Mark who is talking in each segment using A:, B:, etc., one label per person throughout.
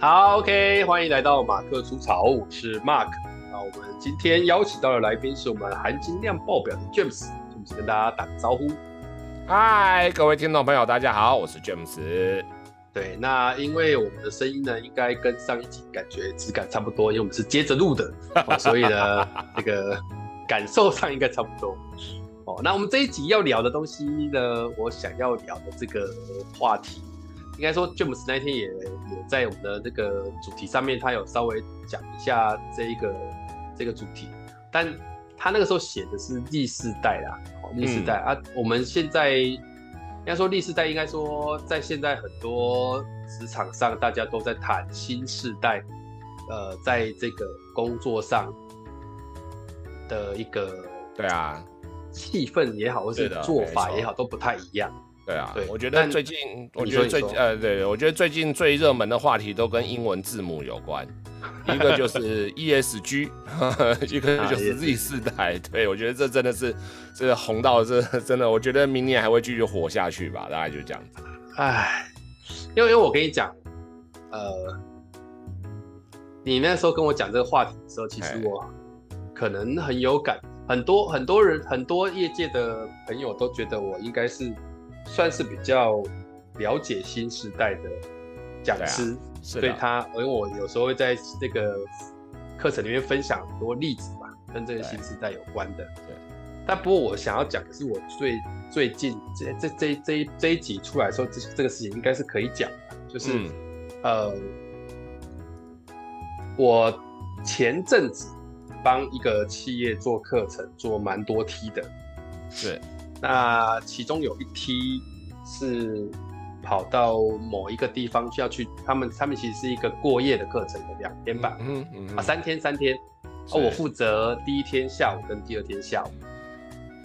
A: 好，OK，歡迎來到馬克出巢，我是 Mark。那我們今天邀請到
B: 的來賓是我們含金量爆表的 James，James 跟大家打個招呼。嗨，各位聽眾朋友，大家好，我是 James。對，那因為我們的聲音呢，應該跟上一集感覺
A: 質感差不多，因為我們是接着錄的、 哦，所以呢，這個感受上應該差不多。哦，那我們這一集要聊的東西呢，我想要聊的這個話題。應該說，James 那天也也在我們的這個主題上面，他有稍微講一下這一個這個主題，但他那個時候寫的是第四代啦，哦，第四代啊。我們現在應該說第四代，應該說，說在現在很多職場上，大家都在談新世代，呃，在這個工作上
B: 的一個對啊，氣氛也好，或者是做法也好，都不太一樣。對啊，對，我覺得最近，我覺得最，呃，對，我覺得最近最熱門的話題都跟英文字母有關， 一個就是 ESG， 一個就是 Z 世代。啊、對，對，我覺得這真的是，這個、紅到這真的，我覺得明年還會繼續火下去吧，大概就這樣子。哎。因為因為我跟你講，呃，
A: 你那時候跟我講這個話題的時候，其實我可能很有感，hey. 很多很多人，很多業界的朋友都覺得我應該是。算是比較了解新時代的講師對、啊，所以、啊、他，因為我有時候會在這個課程裡面分享很多例子嘛，跟這個新時代有關的對。對。但不過我想要講的是，我最最近這這這這這一集出來的時候這這個事情，應該是可以講的。就是、嗯，呃，我前陣子幫一個企業做課程，做蠻多梯的。對。那其中有一梯。是跑到某一個地方需要去，他們他們其實是一個過夜的課程的兩天吧，嗯嗯，嗯啊，三天三天，哦我負責第一天下午跟第二天下午，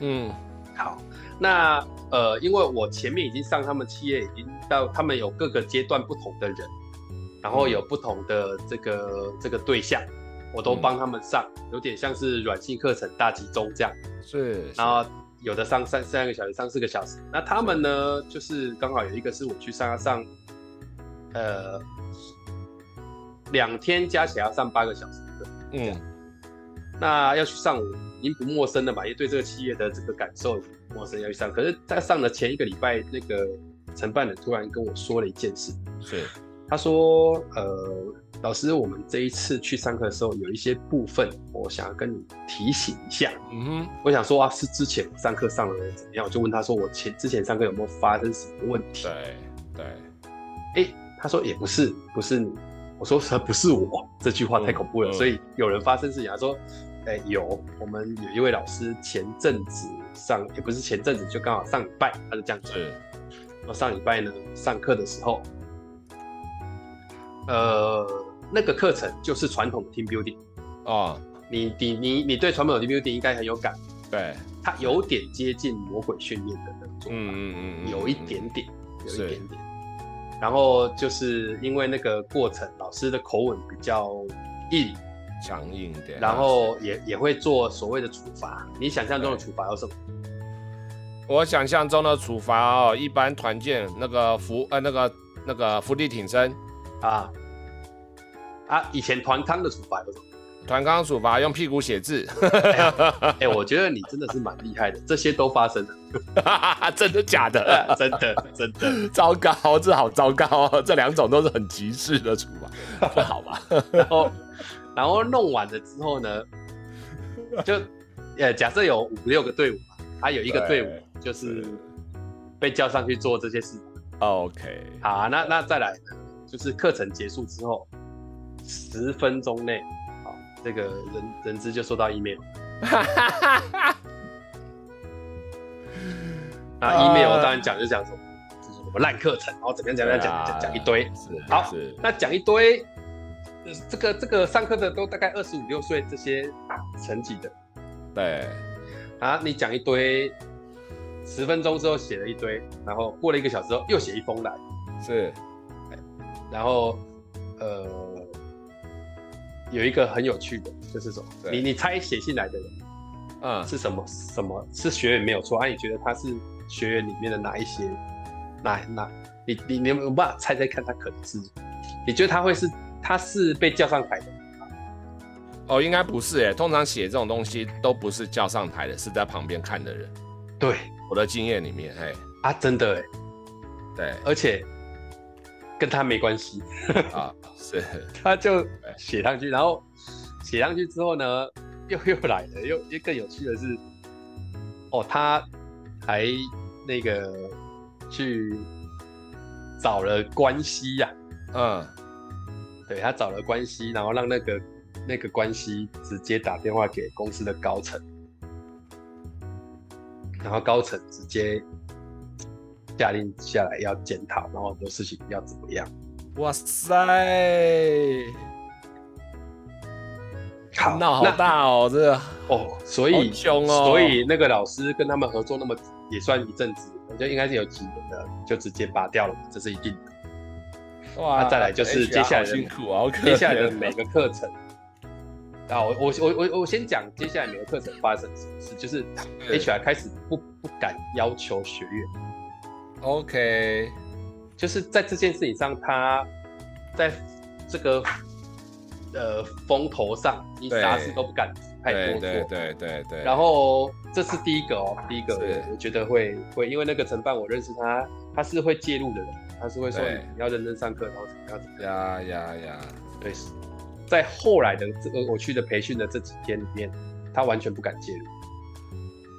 A: 嗯好，那呃因為我前面已經上他們企業，已經到他們有各個階段不同的人，然後有不同的這個、嗯、這個對象，我都幫他們上，嗯、有點像是軟性課程大集中這樣，
B: 是然後，
A: 有的上三三個小時，上四個小時。那他們呢，嗯、就是剛好有一個是我去上，上呃兩天，加起來要上八個小時嗯，那要去上，我已經不陌生了嘛，因為對這個企業的這個感受陌生，要去上。可是，在上的前一個禮拜，那個承辦人突然跟我說了一件事，是、嗯、他說，呃。老師，我們這一次去上課的時候，有一些部分我想要跟你提醒一下。嗯
B: 哼，
A: 我想說啊，是之前我上課上了人怎麼樣？我就問他說，我前之前上課有沒有發生什麼問題？對對。哎、欸，他說也、欸、不是，不是你。我說他不是我，這句話太恐怖了。嗯嗯、所以有人發生事情，他說，哎、欸，有。我們有一位老師前陣子上，也、欸、不是前陣子，就剛好上禮拜，他是這樣子。是。那上禮拜呢，上課的時候。呃，那個課程就是傳統的 team building，哦，你你你你對傳統的 team building 應該很有感，對，它有點接近魔鬼訓練的那種，嗯嗯嗯，有一點點，有一點點，然後就是因為那個過程，老師的口吻比較硬，強硬點，然後也也會做所
B: 謂的處罰，你想象中的處罰有什麼？我想象中的處罰哦，一般團建那個伏，呃，那個那個伏地挺身。啊，啊以前團康的處罰，團康處罰用屁股寫字
A: 哎、啊。哎，我覺得你真的是蠻厲害的，這些都發生了， 真的假的？ 真的
B: 真的。糟糕，這好糟糕，哦！這兩種都是很極致的處罰，不 好吧？然後，然後弄完了之後呢，
A: 就呃，假設有五六個隊伍嘛，他、啊、有一個隊伍就是被叫上去做這些事。OK，好、啊，那那再來。就是課程結束之後十分鐘內，好，這個人人資就收到 email。
B: 啊 ，email 我當然
A: 講就講、呃、什麼什麼爛課程，然後怎樣講講講講一堆，是,是好，是那講一堆，呃、這個這個上課的都大概二十五六歲這些層級、啊、的，對，啊，你講一堆，十分鐘之後寫了一堆，然後過了一個小時之後又寫一封來，是。然後，呃，有一個很有趣的，就是說，你你猜寫信來的人，嗯，是什麼？什麼是學員沒有錯？啊，你覺得他是學員裡面的哪一些？哪哪？你你你，有沒有辦法猜猜看，他可能是，你覺得他會是、嗯、
B: 他是被叫上台的嗎？哦，應該不是哎，通常寫這種東西都不是叫上台的，是在旁邊看的人。對，我的經驗裡面，哎，啊，真的哎，對，而且。跟他沒關係啊，是
A: 他就寫上去，然後寫上去之後呢，又又來了，又又更有趣的是，哦，他還那個去找了關係呀、啊，嗯，對，他找了關係，然後讓那個那個關係直接打電話給公司的高層，然後高層直接，下令下來要檢討，然後很多事情要怎麼
B: 樣？哇塞！看到好大哦，這
A: 個哦，所以、哦、所以那個老師跟他們合作那麼也算一陣子，我覺得應該是有幾年的，就直接拔掉了，這是一定的。
B: 那、啊、再來就是接下來的辛苦啊，接下來的每
A: 個課程。啊， 我我我我我先講接下來每個課程發生什麼事， 就是 H R 開始不不敢要求學院。OK，就是在這件事情上，他在這個呃風頭上，一下子都不
B: 敢太多做。對對對對對。然
A: 後這是第一個哦，第一個，我覺得會會，因為那個承辦我認識他，他是會介入的人，他是會說你要認真上課，然後怎麼樣怎麼樣。呀呀呀！對，在後來的這個我去的培訓的這幾天裡面，他完全不敢介入。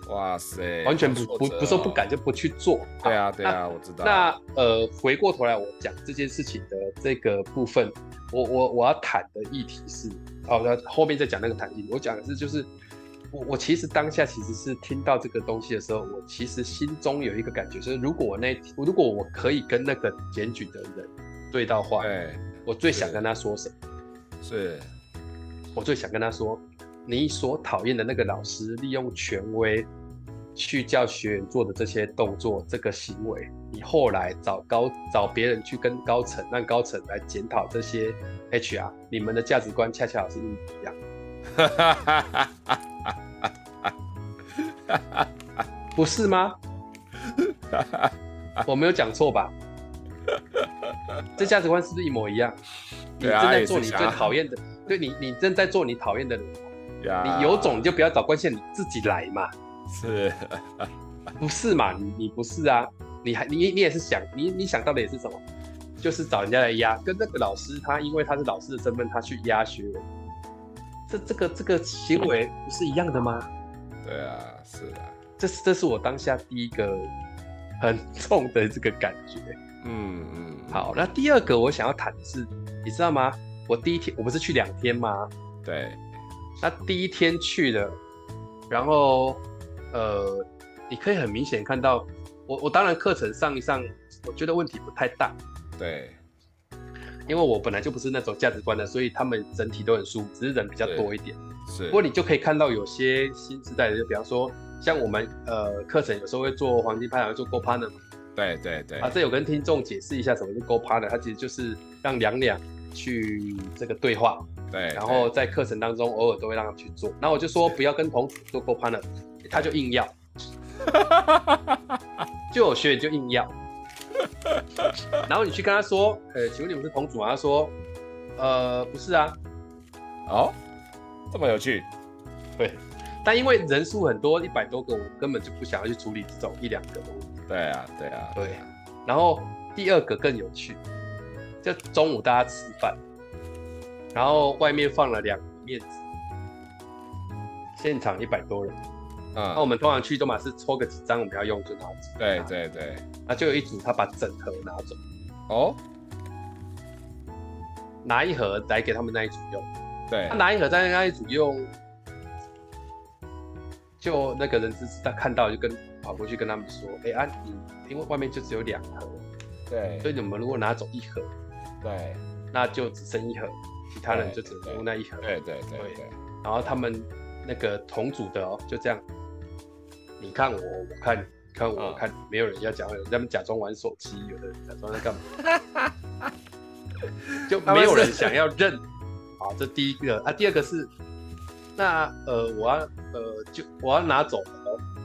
A: 哇塞，完全不不說，哦、不說不敢就不去做。對啊，啊對啊，我知道。那呃，回過頭來我講這件事情的這個部分，我我我要談的議題是，哦，那後面再講那個談議題。我講的是就是，我我其實當下其實是聽到這個東西的時候，我其實心中有一個感覺，就是如果我那如果我可以跟那個檢舉的人對到話，哎，我最想跟他說什麼？是。我最想跟他說。你所討厭的那個老師利用權威去叫學員做的這些動作，這個行為，你後來找高找別人去跟高層，讓高層來檢討這些 HR，你們的價值觀恰恰是一樣，不是嗎？我沒有講錯吧？這價值觀是不是一模一樣？
B: 你正在做你最討厭
A: 的，對你，你正在做你討厭的人。Yeah. 你有種你就不要找關係，你自己來嘛，是， 不是嘛？你你不是啊？你還你你也是想你你想到的也是什麼？就是找人家來壓，跟那個老師他因為他是老師的身份，他去壓學，這這個這個行為不是一樣的嗎？ 對啊，是啊，這是這是我當下第一個很重的這個感覺。嗯嗯，好，那第二個我想要談的是，你知道嗎？我第一天我不是去兩天嗎？對。那第一天去的，然後，呃，你可以很明顯看到，我我當然課程上一上，我覺得問題不太大。對，因為我本來就不是那種價值觀的，所以他們整體都很舒服，只是人比較多一點。是。是。不過你就可以看到有些新時代的，就比方說像我們呃課程有時候會做黃金拍檔，會做 Go Partner。對對對。啊，這有跟聽眾解釋一下什麼是 Go Partner？它其實就是讓兩兩去這個對話。對，然後在課程當中，偶爾都會讓他去做。然後我就說不要跟同組做 co partner，、欸、他就硬要， 就有學員就硬要， 然後你去跟他說，呃、欸，請問你們是同組嗎、啊？他說，呃，不是啊。哦，這麼有趣。對， 但因為人數很多，一百多個，我根本就不想要去處理這種一兩個東西。對啊，對啊，對。然後第二個更有趣，就中午大家吃飯。然後外面放了兩面紙，現場一百多人，啊、嗯，那我們通常去都嘛是抽個幾張我們要用就拿幾，對對對，那就有一組他把整盒拿走，哦，拿一盒來給他們那一組用，對，他拿一盒在給那一組用，就那個人只知他看到就跟跑過去跟他們說，哎、欸、啊你，因為外面就只有兩盒，對、嗯，所以你們如果拿走一盒，
B: 對，
A: 那就只剩一盒。其他人就只能用那一盒，對對對對,對。然後他們那個同組的哦、喔，就這樣，你看我，我看你看我,、嗯、我看，沒有人要講， 他們假裝玩手機，有的人假裝在幹嘛，就沒有人想要認。啊， 這第一個啊，第二個是，那呃，我要呃，就我要拿走，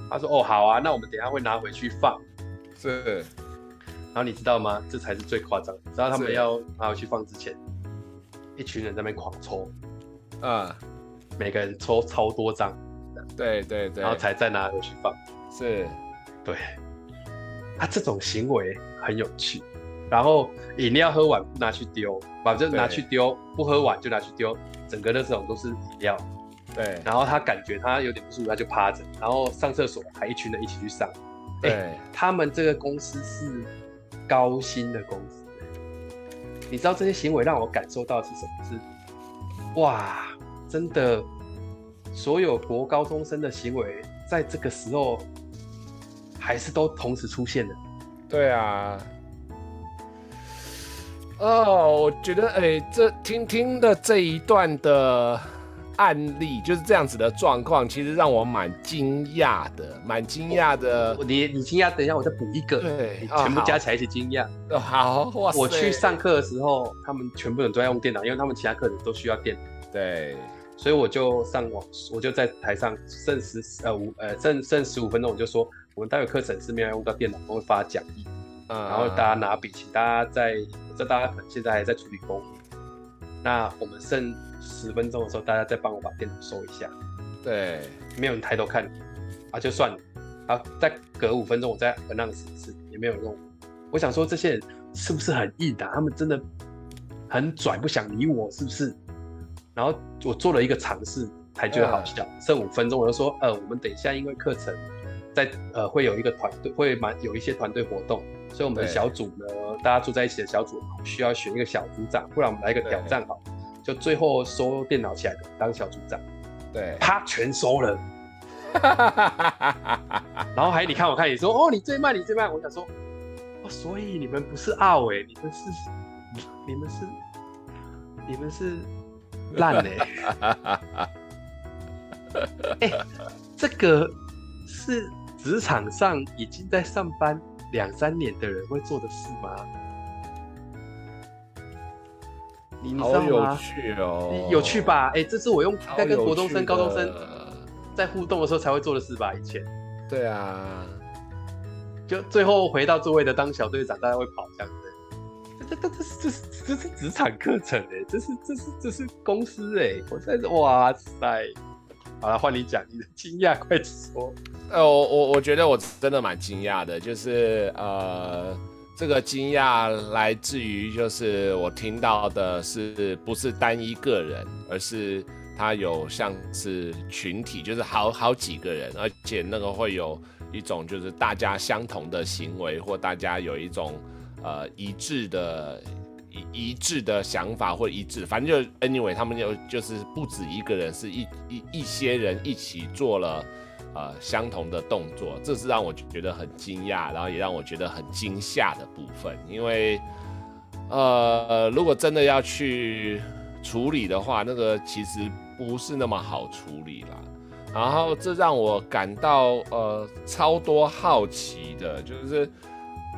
A: 他說哦，好啊，那我們等一下會拿回去放。是。然後你知道嗎？這才是最誇張。然後他們要拿回去放之前。一群人在那邊狂抽，
B: 嗯，
A: 每個人抽超多張，
B: 對對對，然後才
A: 再拿回去放，是，對，他、
B: 啊、這種
A: 行為很有趣，然後飲料喝完不拿去丟，反正拿去丟，不喝完就拿去丟，整個那種都是飲料，對，然後他感覺他有點不舒服，他就趴着，然後上廁所還一群人一起去上，對、欸，他們這個公司是高薪的公司。你知道這些行為讓我感受到的是什麼？是，哇，真的，所有國高中生的行為在這個時候還是都同時出現的。對
B: 啊。哦、oh，我覺得，哎、欸，這聽聽的這一段的。案例就是這樣子的狀況，其實讓我蠻驚訝的，蠻驚訝的。你你驚訝？等一下，我再補一個。對，你全部加起
A: 來一起驚訝、啊。好，我去上課的時候，他們全部人都在用電腦，因為他們其他課程都需要電。對，所以我就上網，我就在台上剩十呃五呃剩剩十五分鐘，我就說我們待會課程是沒有用到電腦，我會發講義，嗯，然後大家拿筆，請大家在我知道大家可能現在還在處理工。那我們剩。十分鐘的時候，大家再幫我把電腦收一下。對，沒有人抬頭看你，啊，就算了。啊，再隔五分鐘，我再 announce 一次，也沒有用。我想說，這些人是不是很硬的、啊？他們真的很拽，不想理我，是不是？然後我做了一個嘗試，才覺得好笑。嗯、剩五分鐘，我就說，呃，我們等一下，因為課程在呃會有一個團隊，會滿有一些團隊活動，所以我們的小組呢，大家住在一起的小組需要選一個小組長，不然我們來一個挑戰，好。最後收電腦起來的當小組長，對，他全收了， 然後還你看我看你說哦，你最慢你最慢，我想說哦，所以你們不是傲哎、欸，你們是你們是你們是
B: 爛哎，哎、欸 欸、
A: 這個是職場上已經在上班兩三年的人會做的事嗎？你你好有趣哦，有趣吧？哎、欸，這是我用在跟國中生、高中生在互動的時候才會做的事吧？以前，對啊，就最後回到座位的當小隊長，大家會跑這樣子。這這這這這是職場課程哎，這是這是這是公司哎，我在這哇
B: 塞！好了，換你講，你的
A: 驚訝快說。
B: 呃，我我我覺得我真的蠻驚訝的，就是呃。這個驚訝來自於，就是我聽到的是不是單一個人，而是他有像是群體，就是好好幾個人，而且那個會有一種就是大家相同的行為，或大家有一種呃一致的一一致的想法，或一致，反正就 anyway，他們就就是不止一個人，是一一一些人一起做了。呃，相同的動作，這是讓我覺得很驚訝，然後也讓我覺得很驚嚇的部分，因為，呃，如果真的要去處理的話，那個其實不是那麼好處理啦。然後這讓我感到呃超多好奇的，就是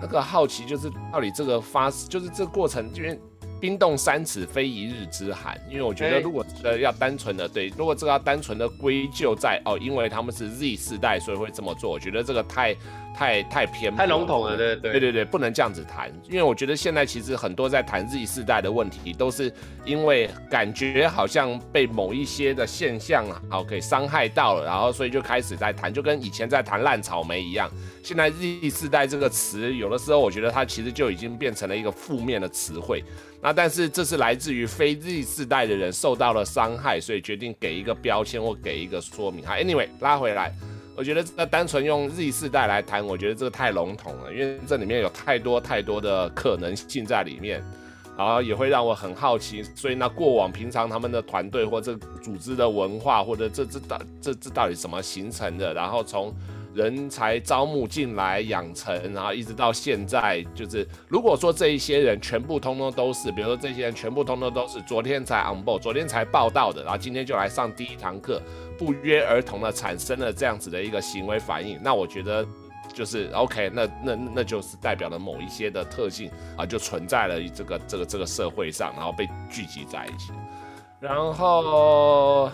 B: 那個好奇就是到底這個發，就是這個過程，因為。冰凍三尺非一日之寒，因為我覺得如果呃要單純的、okay. 對，如果這個要單純的歸咎在哦，因為他們是 Z 世代，所以會這麼做，我覺得這個太。太太偏，太籠統了，對對對，對，對，對，不能這樣子談，因為我覺得現在其實很多在談 Z 世代的問題，都是因為感覺好像被某一些的現象啊，好給傷害到了，然後所以就開始在談，就跟以前在談爛草莓一樣。現在 Z 世代這個詞，有的時候我覺得它其實就已經變成了一個負面的詞彙。那但是這是來自於非 Z 世代的人受到了傷害，所以決定給一個標籤或給一個說明。啊 anyway，拉回來。我覺得那單純用 Z 世代來談，我覺得這個太籠統了，因為這裡面有太多太多的可能性在裡面，然後也會讓我很好奇。所以那過往平常他們的團隊或這組織的文化，或者這這到這這，這到底怎麼形成的？然後從人才招募進來、養成，然後一直到現在，就是如果說這一些人全部通通都是，比如說這些人全部通通都是昨天才 on board，昨天才報到的，然後今天就來上第一堂課。不約而同的產生了這樣子的一個行為反應，那我覺得就是 OK，那那那就是代表了某一些的特性啊、呃，就存在了這個這個這個社會上，然後被聚集在一起，然後。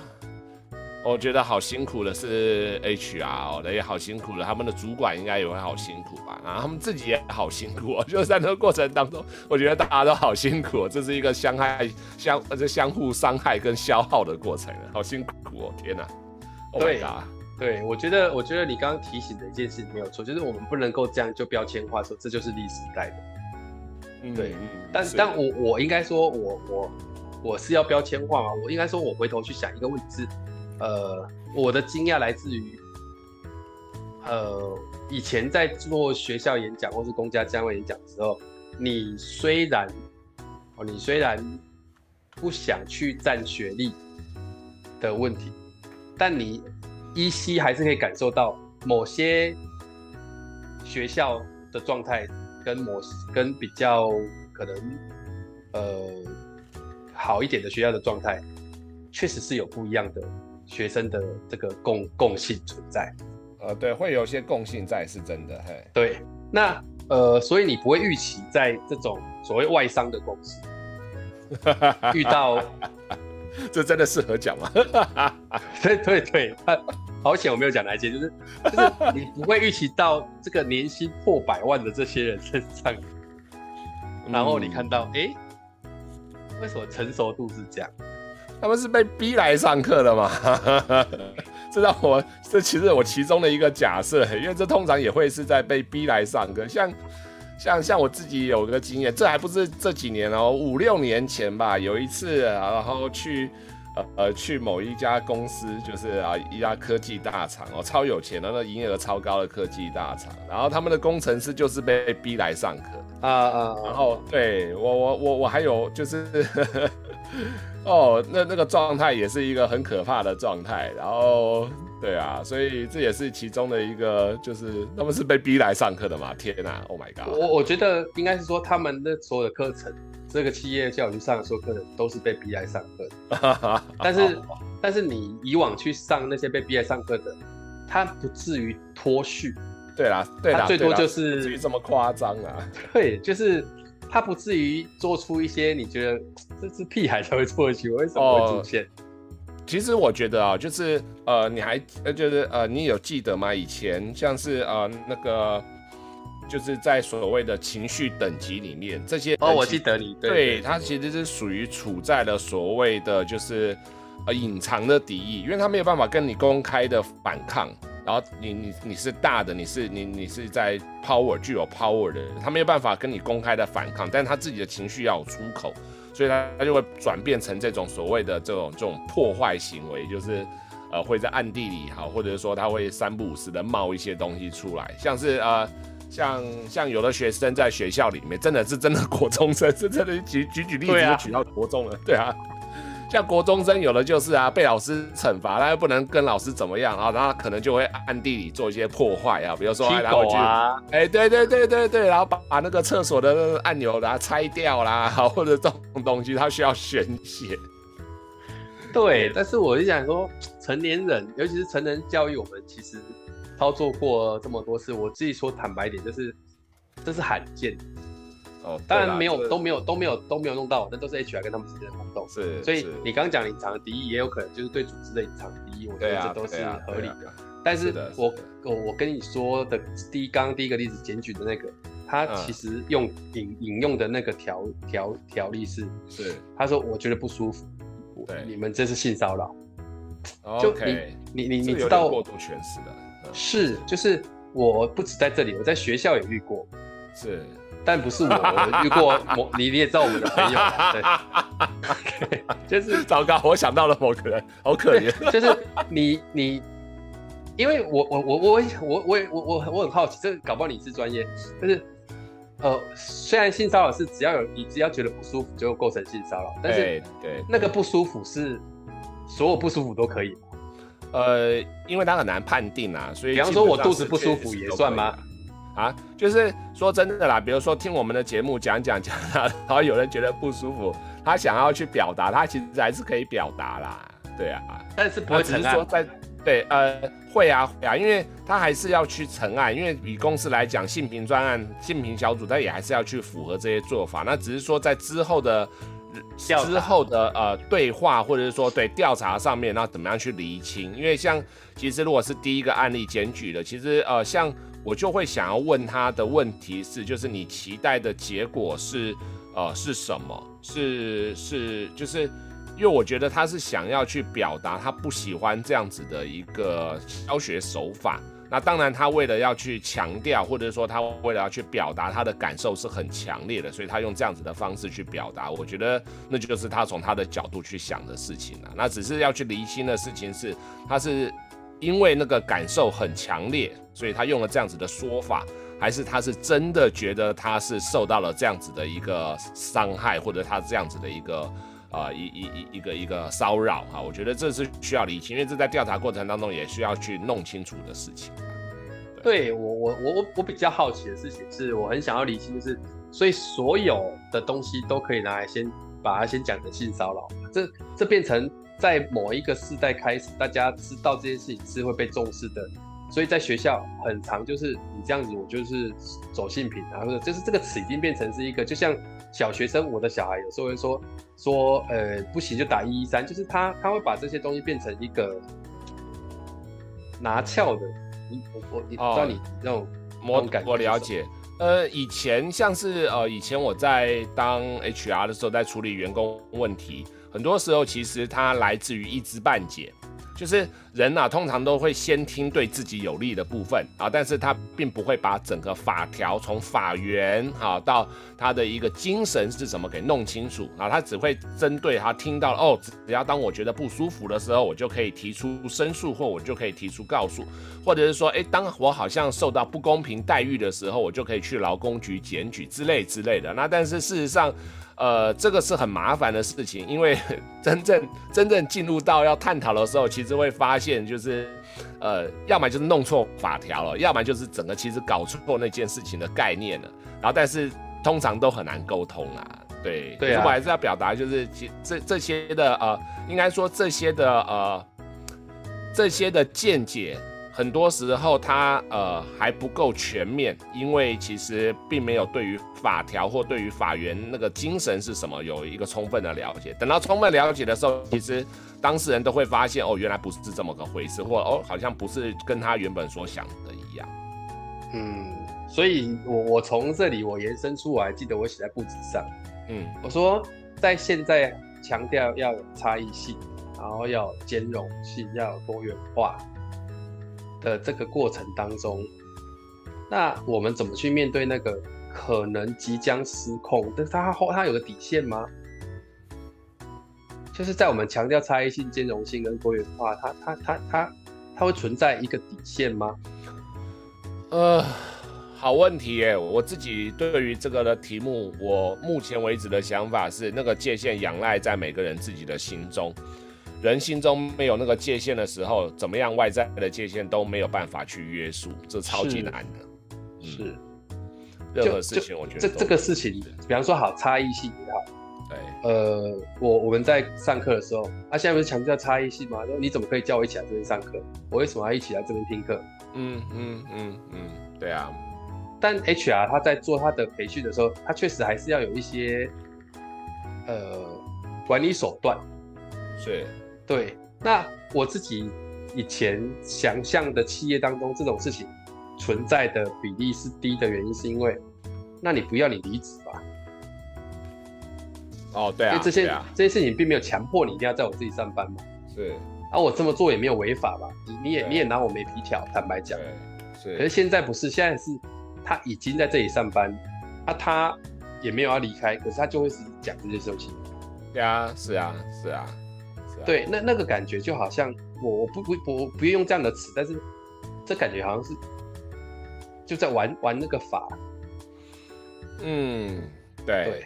B: 我覺得好辛苦的是 HR 的也好辛苦了，他們的主管應該也會好辛苦吧？然後他們自己也好辛苦，哦，就在這個過程當中，我覺得大家都好辛苦，哦，這是一個相害相，呃，相互傷害跟消耗的過程，好辛苦哦！天哪，對啊，對，oh，
A: 對，我覺得，我覺得你剛剛提醒的一件事沒有錯，就是我們不能夠這樣就標籤化說這就是歷史代的，對，嗯、
B: 是，但但
A: 我我應該說我，我我我是要標籤化嘛，我應該說，我回頭去想一個問題是。呃，我的驚訝來自於，呃，以前在做學校演講或是公家單位演講的時候，你雖然，哦，你雖然不想去佔學歷的問題，但你依稀還是可以感受到某些學校的狀態跟某跟比較可能，呃，好一點的學校的狀態，確實是有不一樣的。學生的這個共共性
B: 存在，呃，對，會有一些共性在，是真的，嘿。對，那呃，所以
A: 你不會預期在這種所謂外商的公司
B: 遇到，這真的適合講嗎？
A: 對 對對，對對好險我沒有講哪一件，就是就是你不會預期到這個年薪破百萬的這些人身上，然後你看到，哎、嗯，欸，為什麼成熟度是這樣？
B: 他們是被逼來上課的嘛？ 這讓我這其實我其中的一個假設，因為這通常也會是在被逼來上課。像像像我自己有個經驗，這還不是這幾年哦、喔，五六年前吧，有一次然後去。呃呃，去某一家公司，就是啊，一家科技大廠哦，超有錢的那營業額超高的科技大廠，然後他們的工程師就是被逼來上課啊啊，然後對我我我我還有就是， 哦，那那個狀態也是一個很可怕的狀態，然後對啊，所以這也是其中的一個，就是他們是被逼來上課的嘛？天哪，Oh my
A: god！我我覺得應該是說他們的所有的課程。這個企業叫我去上說課的，都是被逼來上課的。 但是， 但是你以往去上那些被逼來上課的，他不至於脫序。對啦，對啦，最多就是不至於這麼誇張啊？對，就是他不至於做出一些你覺得這是屁孩才會做的事
B: 情。我為什麼會出現？哦，其實我覺得啊，就是呃，你還呃，就是呃，你有記得嗎？以前像是呃，那個。就是在所謂的情緒等級裡面，這些哦，我記得你對,對,對,對他其實是屬於處在了所謂的就是呃、隱藏的敵意，因為他沒有辦法跟你公開的反抗，然後你你你是大的，你是你你是在 power 具有 power 的人，他沒有辦法跟你公開的反抗，但是他自己的情緒要有出口，所以他他就會轉變成這種所謂的這種這種破壞行為，就是呃會在暗地裡好，或者是說他會三不五時的冒一些東西出來，像是呃。像像有的學生在學校裡面，真的是真的國中生，真的舉舉舉例子就舉到國中了，對啊。對啊，像國中生，有的就是啊，被老師懲罰，他又不能跟老師怎麼樣啊，然後可能就會暗地裡做一些破壞啊，比如說哎然後就、啊欸，對對對對對，然後把把那個廁所的那個按鈕把它拆掉啦，或者這種東西，他需要宣洩。對，但是我就想說，成年人，尤其是成人教育，我們
A: 其實。操作過這麼多次，我自己說坦白一點，就是這是罕見哦，當然沒有都沒有都沒有都沒有，都沒有弄到，那都是 HR 跟他們之間的互動。是，所以你剛講隱藏的敵意，也有可能就是對組織的隱藏敵意、啊，我覺得這都是合理的。啊、但是我、啊，我我我跟你說的，第一剛剛第一個例子檢舉的那個，他其實用引引用的那個條條條例是，對，他說我覺得不舒服，對，你們這是性騷擾。
B: OK，就你你你知道，你過度詮釋的。
A: 是，就是我不止在這裡，我在學校也遇過。是，但不是我，我遇過某，你你也知道我們的朋友。對，okay, 就是糟糕，我想到了某個人，好可憐。就是你你，因為我我我我我我我我很好奇，這搞不好你是專業，就是呃，雖然性騷擾是只要有你只要覺得不舒服就構成性騷擾，但是對對那個不舒服是所有不舒服都可
B: 以。呃，因為他很難判定啊，所以，以、啊，比如說我肚子不舒服也算嗎？啊，就是說真的啦，比如說聽我們的節目講講講，然後有人覺得不舒服，他想要去表達，他其實還是可以表達啦，對啊。但是不會、啊，只是說在對呃會啊會啊，因為他還是要去承案，因為以公司來講，性平專案、性平小組，他也還是要去符合這些做法，那只是說在之後的。之後的呃對話，或者是說對調查上面，那怎麼樣去釐清？因為像其實如果是第一個案例檢舉的，其實呃像我就會想要問他的問題是，就是你期待的結果是呃是什麼？是是就是因為我覺得他是想要去表達他不喜歡這樣子的一個教學手法。那當然，他為了要去強調，或者說他為了要去表達他的感受是很強烈的，所以他用這樣子的方式去表達。我覺得那就是他從他的角度去想的事情了，啊。那只是要去釐清的事情是，他是因為那個感受很強烈，所以他用了這樣子的說法，還是他是真的覺得他是受到了這樣子的一個傷害，或者他這樣子的一個。啊，一、一、一一個一個騷擾哈，我覺得這是需要理清，因為這在調查過程當中也需要去弄清楚的事情。
A: 對我，我，我，我，我比較好奇的事情是，我
B: 很想要理清就
A: 是，所以所有的東西都可以拿來先把它先講成性騷擾，這這變成在某一個世代開始，大家知道這件事情是會被重視的。所以在學校，很常就是你這樣子，我就是走性品、啊，然後就是這個詞已經變成是一個，就像小學生，我的小孩有時候會說說，呃，不行就打一一三，就是他他會把這些東西變成一個拿翹的。你我你知道你那
B: 種我我我了解。呃，以前像是呃，以前我在當 HR 的時候，在處理員工問題，很多時候其實它來自於一知半解。就是人啊，通常都會先聽對自己有利的部分啊，但是他並不會把整個法條從法源好、啊、到他的一個精神是什麼給弄清楚啊，他只會針對他聽到哦，只要當我覺得不舒服的時候，我就可以提出申訴，或我就可以提出告訴，或者是說，誒，當我好像受到不公平待遇的時候，我就可以去勞工局檢舉之類之類的。那但是事實上。呃，這個是很麻煩的事情，因為真正真正進入到要探討的時候，其實會發現就是，呃，要麼就是弄錯法條了，要麼就是整個其實搞錯那件事情的概念了。然後，但是通常都很難溝通啊。對，對啊。所以我還是要表達，就是這這些的呃，應該說這些的呃，這些的見解。很多時候他，他呃還不夠全面，因為其實並沒有對於法條或對於法源那個精神是什麼有一個充分的了解。等到充分了解的時候，其實當事人都會發現，哦，原來不是這麼個回事，或哦，好像不是跟他原本所想的一樣。
A: 嗯，
B: 所以我我從這裡
A: 我延伸出來，我還記得我寫在布置上，嗯，我說在現在強調要有差異性，然後要兼容性，要有多元化。的這個過程當中，那我們怎麼去面對那個可能即將失控？但是它後它有個底線嗎？就是在我們強調差異性、兼容性跟多元化，它它它它它會存在一個底
B: 線嗎？呃，好問題耶、欸！我自己對於這個的題目，我目前為止的想法是，那個界限仰賴在每個人自己的心中。人心中沒有那個界限的時候，怎麼樣，外在的界限都沒有辦法去約束，這超級難的。是。嗯、是任何事情，我覺得這這個事情，比方說好差
A: 異性也好。對。呃，我我們在上課的時候，他、啊、現在不是強調差異性嗎？說你怎麼可以叫我一起來這邊上課？我為什麼要一起來這邊聽課？
B: 嗯
A: 嗯嗯嗯，對啊。但 HR 他在做他的培訓的時候，他確實還是要有一些呃管理手段。
B: 對。
A: 對，那我自己以前想象的企業當中這種事情存在的比例是低的原因，是因為，那你不要你離職吧？
B: 哦，對啊，所以這些、啊、
A: 這些事情並沒有強迫你一定要在我這裡上班嘛。是，而、啊、我這麼做也沒有違法吧？你你也你也拿我沒皮條，坦白講。對，
B: 是。可是現
A: 在不是，現在是他已經在這裡上班，啊、他也沒有要離開，可是他就會是講這些事情。對啊，是啊，是啊。對，那那個感覺就好像我我不我不不不用這樣的詞，但是這感覺好像是就在玩玩那個法。嗯，
B: 對，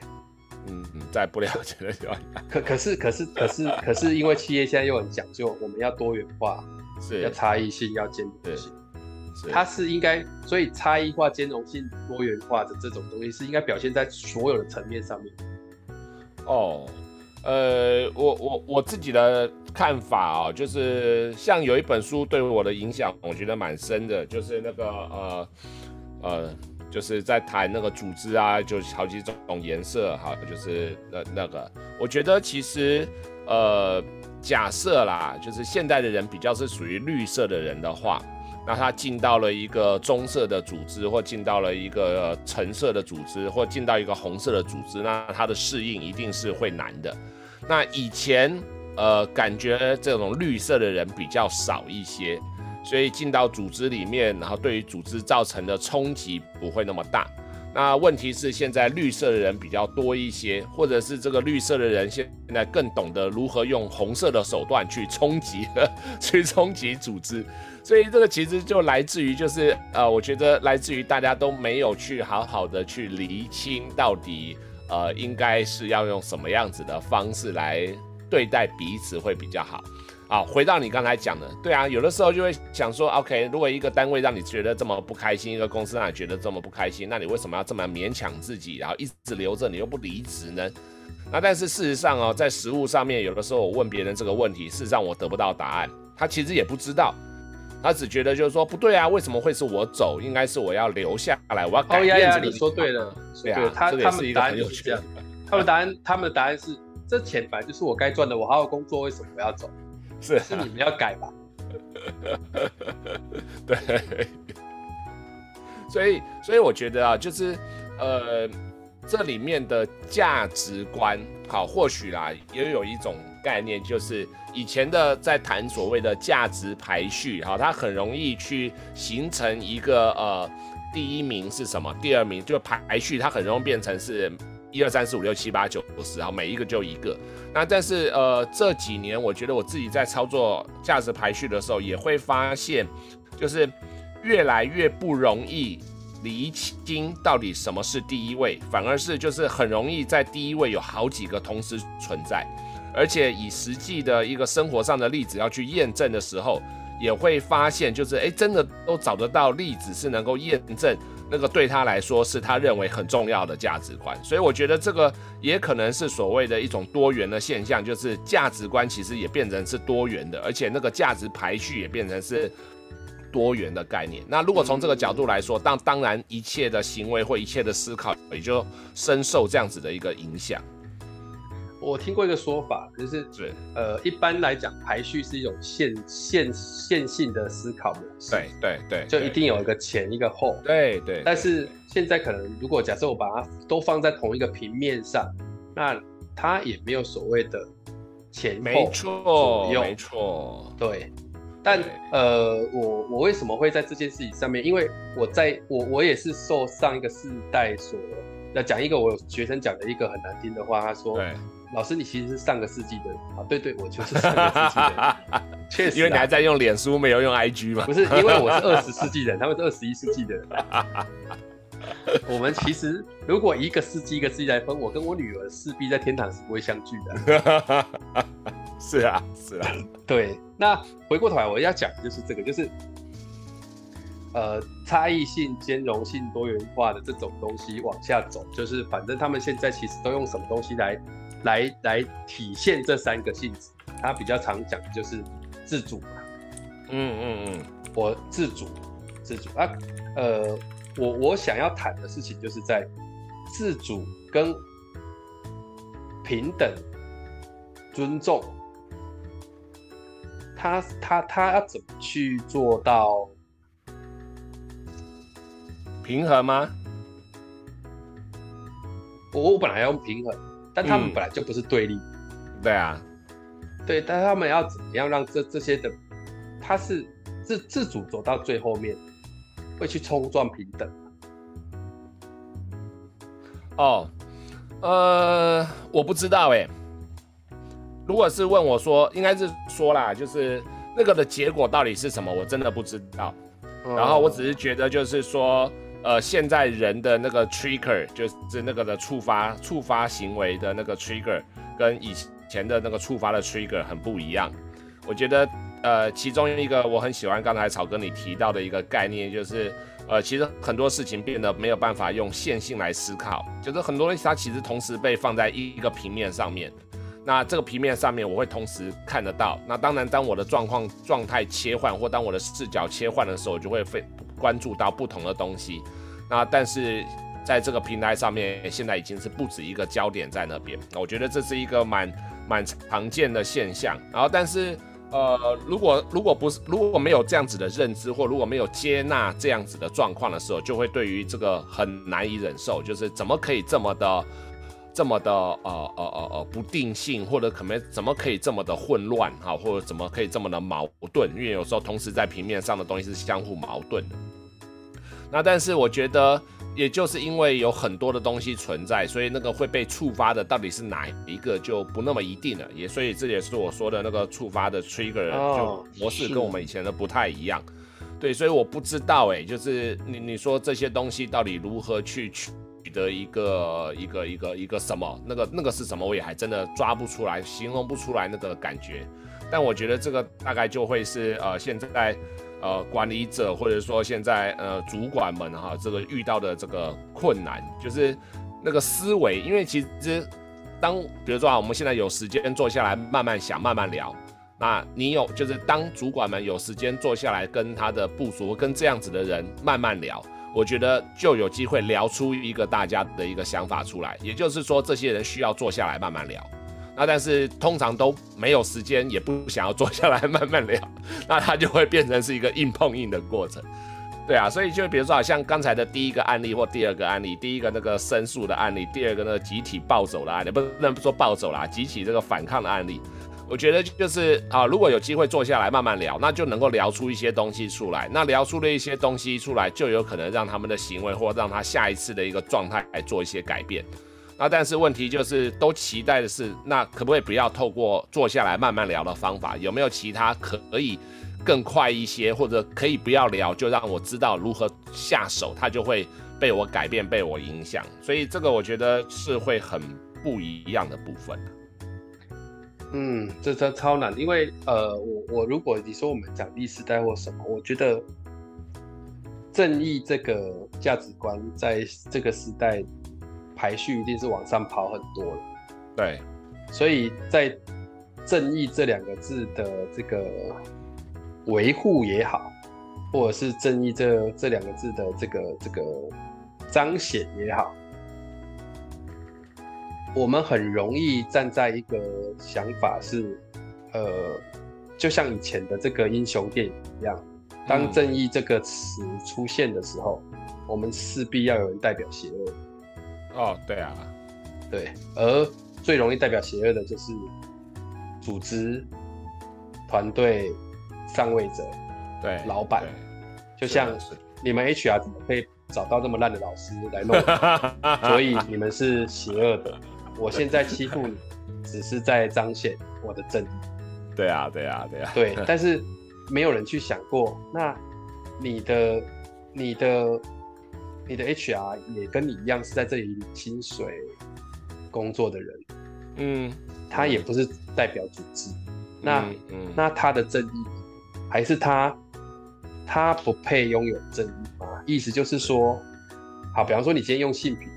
B: 嗯嗯，在不了解的情況。可可是可是可是可是，可是可是
A: 可是因為企業現在又很講究，我們要多元化， 是要差異性，要兼容性。它是應該，所以差異化、兼容性、多元化的這種東西是應該
B: 表現在所有的層面上面。哦。呃，我我我自己的看法哦，就是像有一本書對我的影響，我覺得蠻深的，就是那個呃呃，就是在談那個組織啊，就是好幾種顏色哈，就是那那個，我覺得其實呃，假設啦，就是現代的人比較是屬於綠色的人的話。那他進到了一個棕色的組織，或進到了一個橙色的組織，或進到一個紅色的組織，那他的適應一定是會難的。那以前，呃，感覺這種綠色的人比較少一些，所以進到組織裡面，然後對於組織造成的衝擊不會那麼大。那問題是現在綠色的人比較多一些，或者是這個綠色的人現在更懂得如何用紅色的手段去衝擊，去衝擊組織。所以這個其實就來自於，就是呃，我覺得來自於大家都沒有去好好的去釐清到底，呃，應該是要用什麼樣子的方式來對待彼此會比較好。啊，回到你剛才講的，對啊，有的時候就會想說，OK，如果一個單位讓你覺得這麼不開心，一個公司讓你覺得這麼不開心，那你為什麼要這麼勉強自己，然後一直留着，你又不離職呢？那但是事實上哦，在實務上面，有的時候我問別人這個問題，事實上我得不到答案，他其實也不知道。他只覺得就是說不對啊，為什麼會是我走？應該是我要留下來，我要改。高丫丫，你說對了，是對，對啊，他他們答案
A: 個很有趣他們答案，他們的答案是： 這錢本來就是我該賺的，我好好
B: 工作，為什麼我要走？是、啊、是你們要改吧？ 對。所以，所以我覺得啊，就是呃，這裡面的價值觀，好，或許啦，也有一種。概念就是以前的在談所謂的價值排序，哈，它很容易去形成一個呃第一名是什麼，第二名就排序，它很容易變成是一二三四五六七八九十，哈，每一個就一個。那但是呃這幾年我覺得我自己在操作價值排序的時候，也會發現，就是越來越不容易釐清到底什麼是第一位，反而是就是很容易在第一位有好幾個同時存在。而且以實際的一個生活上的例子要去驗證的時候，也會發現，就是誒，真的都找得到例子是能夠驗證那個對他來說是他認為很重要的價值觀。所以我覺得這個也可能是所謂的一種多元的現象，就是價值觀其實也變成是多元的，而且那個價值排序也變成是多元的概念。那如果從這個角度來說，當當然一切的行為或一切的思考也就深受這樣子的一個影響。
A: 我聽過一個說法，就是對呃，一般來講，排序是一種線線線性的思考模式。對對對，就一定有一個前一個後。對對,對,對。但是現在可能，如果假設我把它都放在同一個平面上，那它也沒有所謂的前後。沒錯，沒錯。對。但對呃，我我為什麼會在這件事情上面？因為我在，我我也是受上一個世代所要講一個我學生講的一個很難聽的話，他說。對。老師，你其實是上個世紀的啊？對對，我就是
B: 上個世紀的， 確實、啊，因為你還在用臉書，沒有用 IG 嘛？ 不是，因為我是二十世紀
A: 人，他們是二十一世紀的
B: 人。 我們其實如果
A: 一個世紀一個世紀來分，我跟我女兒勢必在天堂是不會相聚的、啊。 是啊，是啊， 對。那回過頭來，我要講的就是這個，就是呃，差異性、兼容性、多元化的這種東西往下走，就是反正他們現在其實都用什麼東西來。來來體現這三個性質，他比較常講的就是自主嘛。嗯嗯嗯，我自主，自主啊，呃，我我想要談的事情就是在自主跟平等、尊重，他他他要怎麼去做到平衡嗎？我我本來要用平衡。但他們本來就不是對立，嗯，對啊，對，但他們要怎麼樣讓這這些的，他是自自主走到最後面，會去衝撞平等？
B: 哦，呃，我不知道誒，欸，如果是問我說，應該是說啦，就是那個的結果到底是什麼？我真的不知道。哦，然後我只是覺得就是說。呃，現在人的那個 trigger 就是那個的觸發觸發行為的那個 trigger，跟以前的那個觸發的 trigger 很不一樣。我覺得，呃，其中一個我很喜歡剛才草哥你提到的一個概念，就是，呃，其實很多事情變得沒有辦法用線性來思考，就是很多東西它其實同時被放在一個平面上面。那這個平面上面，我會同時看得到。那當然，當我的狀況狀態切換，或當我的視角切換的時候，就會非。關注到不同的東西，那但是在這個平台上面，現在已經是不止一個焦點在那邊。我覺得這是一個蠻蠻常見的現象。然後，但是呃，如果如果不是如果沒有這樣子的認知，或如果沒有接納這樣子的狀況的時候，就會對於這個很難以忍受。就是怎麼可以這麼的這麼的呃呃呃呃不定性，或者可能怎麼可以這麼的混亂哈，或者怎麼可以這麼的矛盾。因為有時候同時在平面上的東西是相互矛盾的。那但是我覺得，也就是因為有很多的東西存在，所以那個會被觸發的到底是哪一個就不那麼一定了。也所以這也是我說的那個觸發的 trigger 就模式跟我們以前的不太一樣。哦、對，所以我不知道哎、欸，就是你你說這些東西到底如何去取得一個一個一個一個什麼那個那個是什麼，我也還真的抓不出來，形容不出來那個感覺。但我覺得這個大概就會是呃現在。呃，管理者或者說現在，呃，主管們哈，這個遇到的這個困難就是那個思維，因為其實當比如說啊，我們現在有時間坐下來慢慢想，慢慢聊，那你有就是當主管們有時間坐下來跟他的部屬跟這樣子的人慢慢聊，我覺得就有機會聊出一個大家的一個想法出來，也就是說這些人需要坐下來慢慢聊。那但是通常都沒有時間，也不想要坐下來慢慢聊，那他就會變成是一個硬碰硬的過程，對啊，所以就比如說好像剛才的第一個案例或第二個案例，第一個那個申訴的案例，第二個那個集體暴走的案例，不能說暴走啦，集體這個反抗的案例，我覺得就是啊，如果有機會坐下來慢慢聊，那就能夠聊出一些東西出來，那聊出了一些東西出來，就有可能讓他們的行為或讓他下一次的一個狀態來做一些改變。那、啊、但是問題就是，都期待的是，那可不可以不要透過坐下來慢慢聊的方法？有沒有其他可以更快一些，或者可以不要聊，就讓我知道如何下手，他就會被我改變，被我影響。所以這個我覺得是會很不一樣的部分。嗯，
A: 這真超難，因為呃，我我如果你說我們講歷史帶或什麼，我覺得正義這個價值觀在這個時代，排序一定是往上跑很多的，對，所以在正義這兩個字的這個維護也好，或者是正義這這兩個字的這個這個彰顯也好，我們很容易站在一個想法是，呃，就像以前的這個英雄電影一樣，當正義這個詞出現的時候，嗯，我們勢必要有人代表邪惡。哦、oh,，對啊，對，而最容易代表邪惡的就是組織、團隊、上位者、對老闆對對，就像你們 HR 怎麼可以找到那麼爛的老師來弄？ 所以你們是邪惡的。 我現在欺負你，只是在彰顯我的正義。對啊，對啊，對啊。 對，但是沒有人去想過，那你的、你的。你的 HR 也跟你一樣是在這裡領薪水工作的人，嗯，他也不是代表組織，嗯，那、嗯嗯、那他的正義，還是他他不配擁有正義嗎？意思就是說，好，比方說你今天用性平，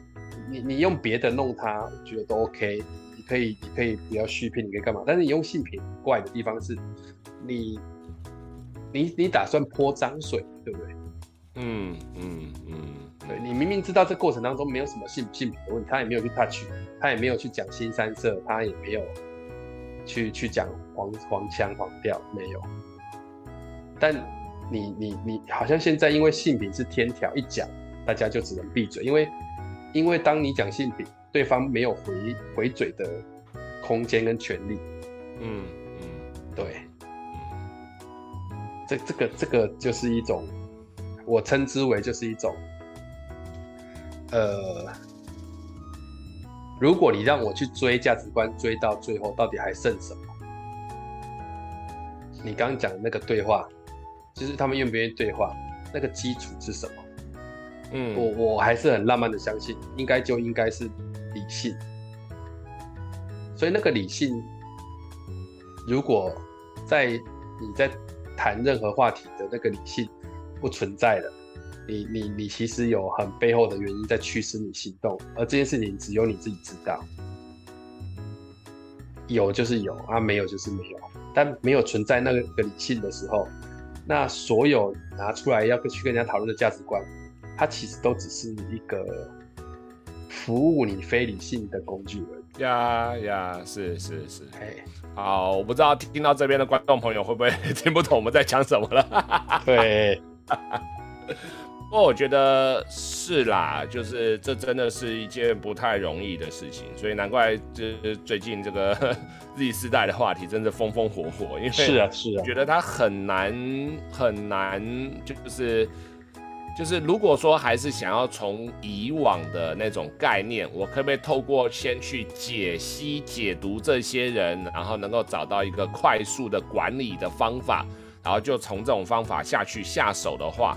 A: 你你用別的弄他，我覺得都 OK，你可以可以不要續聘，你可以幹嘛？但是你用性平怪的地方是你，你你你打算潑髒水，對不對？嗯嗯嗯。嗯對，你明明知道這過程當中沒有什麼性性別的問題，他也沒有去 touch，他也沒有去講腥羶色，他也沒有去去講黃黃腔黃調，沒有。但你你你好像現在因為性別是天條，一講大家就只能閉嘴，因為因為當你講性別，對方沒有回回嘴的空間跟權利。嗯嗯，對。這這個這個就是一種，我稱之為就是一種。呃，如果你讓我去追價值觀，追到最後到底還剩什麼？你剛剛講的那個對話，其實他們願不願意對話，那個基礎是什麼？嗯，我我還是很浪漫的相信，應該就應該是理性。所以那個理性，如果在你在談任何話題的那個理性不存在了。你你你其實有很背後的原因在驅使你行動，而這件事情只有你自己知道，有就是有啊，沒有就是沒有。但沒有存在那個理性的時候，那所有拿出來要去跟人家討論的價值觀，它其實都只是一個服務你非理性的工具而已。
B: 呀、yeah, 呀、yeah，是是是，哎，好，我不知道聽到這邊的觀眾朋友會不會聽不懂我們在講什麼了。對。 不過我覺得是啦，就是這真的是一件不太容易的事情，所以難怪這最近這個 Z 世代的話題真的風風火火。因為是啊，是啊，我覺得他很難很難，就就是就是，就是、如果說還是想要從以往的那種概念，我可不可以透過先去解析解讀這些人，然後能夠找到一個快速的管理的方法，然後就從這種方法下去下手的話，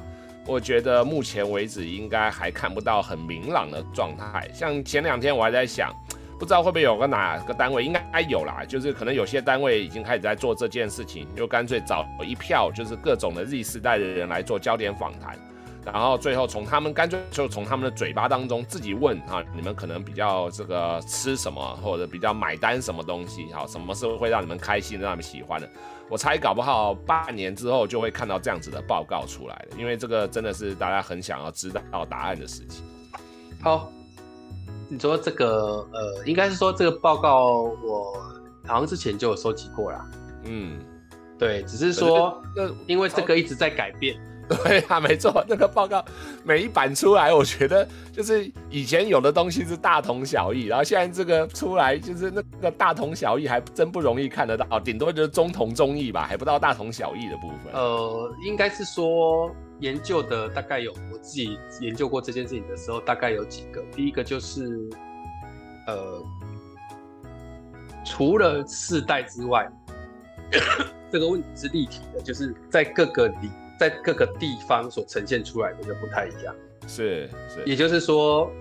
B: 我覺得目前為止應該還看不到很明朗的狀態。像前兩天我還在想，不知道會不會有個哪個單位應該該有啦，就是可能有些單位已經開始在做這件事情，就乾脆找一票就是各種的 Z 世代的人來做焦點訪談，然後最後從他們乾脆就從他們的嘴巴當中自己問啊，你們可能比較這個吃什麼，或者比較買單什麼東西，哈，什麼是會讓你們開心、讓你們喜歡的？我猜，搞不好半年之後就會看到這樣子的報告出來了，因為這個真的是大家很想要知道答案的事情。好，你
A: 說這個，呃，應該是說這個報告，我好像之前就有收集過啦。嗯，
B: 對，只是說是因為這個一直在改變。 對啊，沒錯，那個報告每一版出來，我覺得就是以前有的東西是大同小異，然後現在這個出來就是那個大同小異，還真不容易看得到，頂多就是中同中異吧，還不到大同小異的部分。呃，應該是說
A: 研究的大概有，我自己研究過這件事情的時候，大概有幾個。第一個就是，呃，除了世代之外， 這個問題是立體的，就是在各個裡。在各個地方所呈現出來的就不太一樣，是是，也就是說，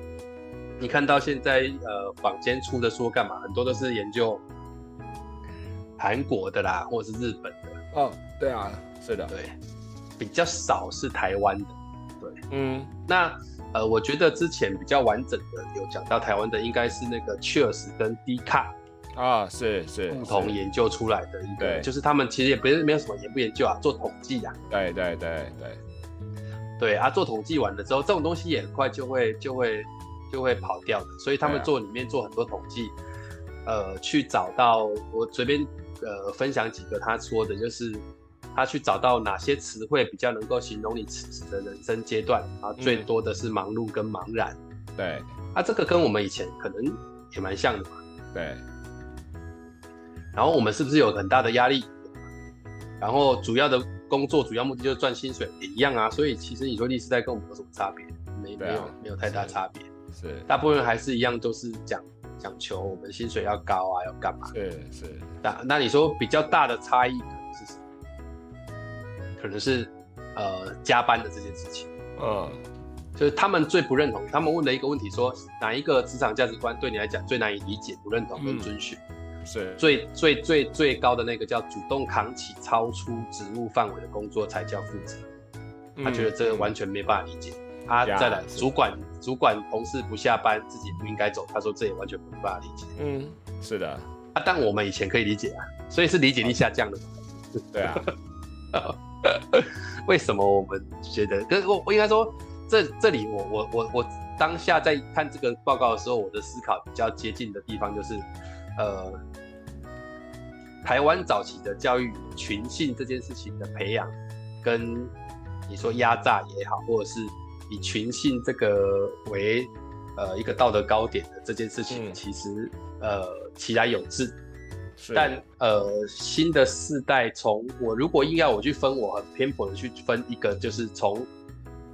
A: 你看到現在呃坊間出的書幹嘛，很多都是研究韓國的啦，或者是日本的。哦，對啊，是的，對，比較少是台灣的，對，嗯，那呃，我覺得之前比較完整的有講到台灣的，應該是那個 Cheers 跟 Dcard。啊、哦，是是，共同研究出來的一個，是是對，就是他們其實也不是沒有什麼研不研究啊，做統計啊。對對對對，對，對，對啊，做統計完了之後，這種東西也很快就會就會就會跑掉的，所以他們做裡面做很多統計，啊，呃，去找到我隨便呃分享幾個他說的就是他去找到哪些詞彙比較能夠形容你此時的人生階段啊，嗯，最多的是忙碌跟茫然。對，啊，這個跟我們以前可能也蠻像的嘛。對。然後我們是不是有很大的壓力？嗯、然後主要的工作，主要目的就是賺薪水，也一樣啊。所以其實你說律師在跟我們有什麼差別？沒有沒有沒有太大差別，是，是大部分還是一樣，都是講講求我們薪水要高啊，要幹嘛？對，是。那那你說比較大的差異可能是什麼？可能是呃加班的這件事情。嗯，就是他們最不認同。他們問了一個問題說，說哪一個職場價值觀對你來講最難以理解、不認同跟遵循？嗯最最最最高的那個叫主動扛起超出職務範圍的工作才叫負責，
B: 他覺得這
A: 個完全沒辦法理解。他、嗯嗯啊 yeah, 再來，主管主管同事不下班，自己不應該走，他說，這也完全沒辦法理解。嗯，是的。啊，但我們以前可以理解啊，所以是理解力下降了、哦？對啊。 為什麼我們覺得？可是我我應該說，這這裡我我我我當下在看這個報告的時候，我的思考比較接近的地方就是，呃。台灣早期的教育群性這件事情的培養，跟你說壓榨也好，或者是以群性這個為呃一個道德高點的這件事情，嗯、其實呃其來有自，但呃新的世代，從我如果硬要我去分我，我很偏頗的去分一個，就是從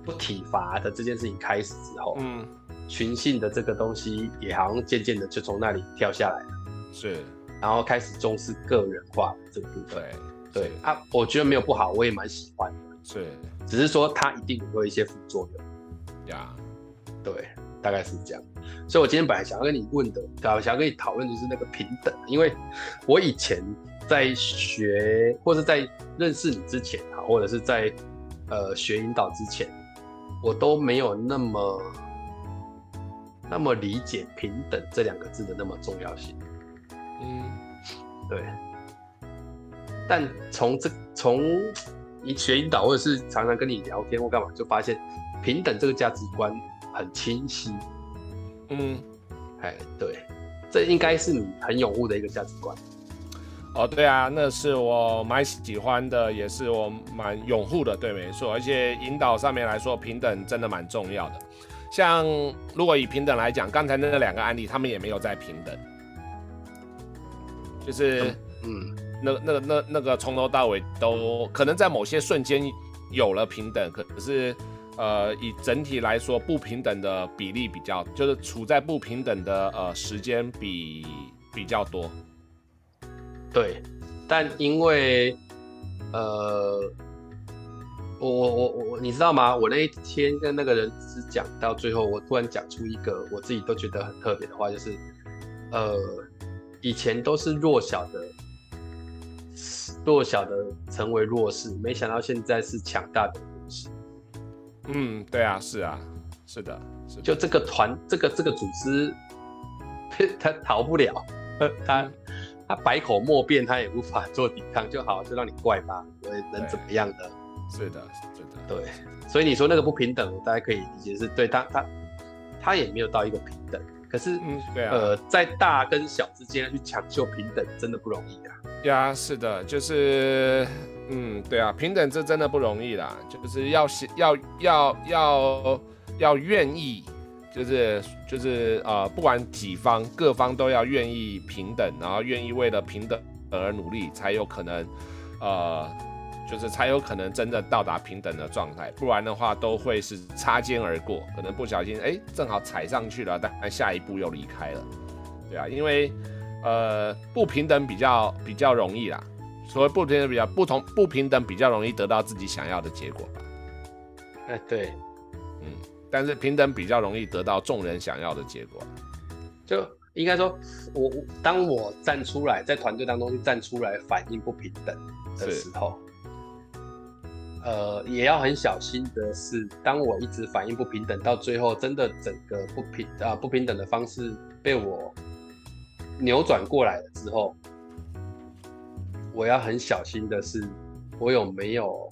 A: 不體罰的這件事情開始之後，嗯，群性的這個東西也好像漸漸的就從那裡跳下來了。是。然後開始重視個人化這個部分。對對,對,對,對，啊，我覺得沒有不好，我也蠻喜歡的。對，只是說它一定會有一些副作用。對，大概是這樣。所以我今天本來想要跟你問的，想要跟你討論就是那個平等，因為我以前在學，或是在認識你之前，啊，或者是在呃學引導之前，我都沒有那麼那麼理解平等這兩個字的那麼重要性。對，但從這從你學引導或者是常常跟你聊天或幹嘛，就發現平等這個價值觀很清晰。嗯，
B: 哎，對，這應該是你很擁護的一個價值觀。哦，對啊，那是我蠻喜歡的，也是我蠻擁護的，對，沒錯。而且引導上面來說，平等真的蠻重要的。像如果以平等來講，剛才那兩個案例，他們也沒有在平等。就是、那個嗯，嗯，那那，那，那個那那個從頭到尾都可能在某些瞬間有了平等，可可是，呃，以整體來說不平等的比例比較，就是處在不平等的呃時間比比較多。對，但因為，呃，我我我我你知道嗎？
A: 我那一天跟那個人只講到最後，我突然講出一個我自己都覺得很特別的話，就是，呃。以前都是弱小的，弱小的成為弱勢，沒想到現在是強大的弱勢。嗯，對啊，是啊，是的，是的，就這個團，這個這個組織，他逃不了，嗯、他他百口莫辯，他也無法做抵抗，就好，就讓你怪吧，我也能怎麼樣的、的？是的，是的，對，所以你說那個不平等，大家可以理解，是對他他他也沒有到一個平等。可是，嗯，對啊，呃，在大跟小之間去強求平等，真的不容易啊。
B: 呀，對啊，是的，就是，嗯，對啊，平等這真的不容易啦，就是要要要要要願意，就是就是呃，不管幾方各方都要願意平等，然後願意為了平等而努力，才有可能，呃。就是才有可能真的到達平等的狀態，不然的話都會是擦肩而過，可能不小心哎、欸，正好踩上去了，但下一步又離開了，對啊，因為呃不平等比較比較容易啦，所謂不平等比較不同，不平等比較容易得到自己想要的結果吧，哎、欸、對，嗯，但是平等比較容易得到眾人想要的結果，就應該說，我當我站出來在團隊當中站出來反應不
A: 平等的時候。呃，也要很小心的是，當我一直反應不平等，到最後真的整個不平啊、呃、不平等的方式被我扭轉過來了之後，我要很小心的是，我有沒有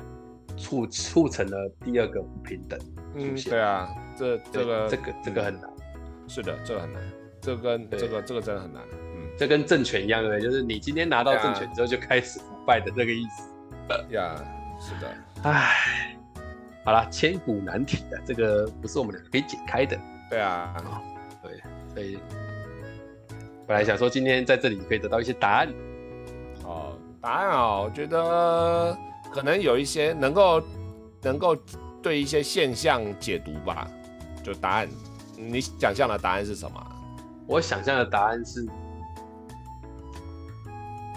A: 促促成了第二個不平等？嗯，對啊，這這個這個這個很難，是的，這個很難，這跟、這個、這個這個真的很難，嗯，這跟政權一樣的，就是你今天拿到政權之後就開始腐敗的這個意思。呃、啊嗯、呀，是的。唉，好了，千古難題的、啊、這個不是我們兩個可以解開的。對啊，哦、對，所以本來想說今天在這裡可以得到一些答案。哦，答案
B: 啊、哦，我覺得可能有一些能夠能夠對一些現象解讀吧。就答案，你想象的答案是什麼？我想象的答案是，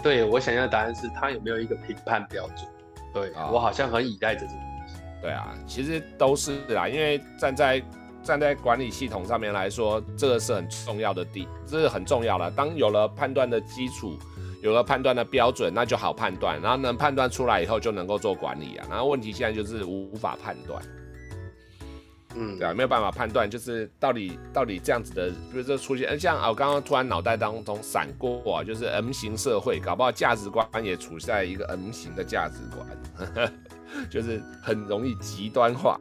B: 對，我想象的答案是，他有沒有一個評判標準？對，我好像很依賴這種東西、哦。對啊，其實都是啦，因為站在站在管理系統上面來說，這個是很重要的地，這個很重要啦。當有了判斷的基礎，有了判斷的標準，那就好判斷，然後能判斷出來以後就能夠做管理啊。然後問題現在就是無法判斷，嗯對、啊，對，沒有辦法判斷，就是到底到底這樣子的，比如說出現，嗯，像啊，我剛剛突然腦袋當中閃過啊，就是 M 型社會，搞不好價值觀也處在一個 M 型的價值觀，呵呵就是很容易極端化，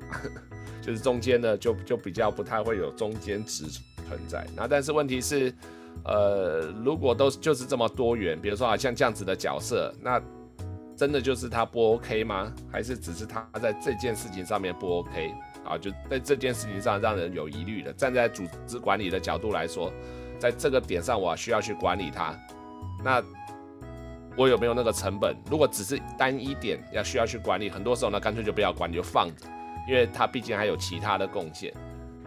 B: 就是中間呢就就比較不太會有中間值存在。那但是問題是，呃，如果都就是這麼多元，比如說啊，像這樣子的角色，那。真的就是他不 OK 嗎？還是只是他在這件事情上面不 OK 啊？就在這件事情上讓人有疑慮的。站在組織管理的角度來說，在這個點上我需要去管理他，那我有沒有那個成本？如果只是單一點，要需要去管理，很多時候呢，乾脆就不要管，就放着，因為他畢竟還有其他的貢獻。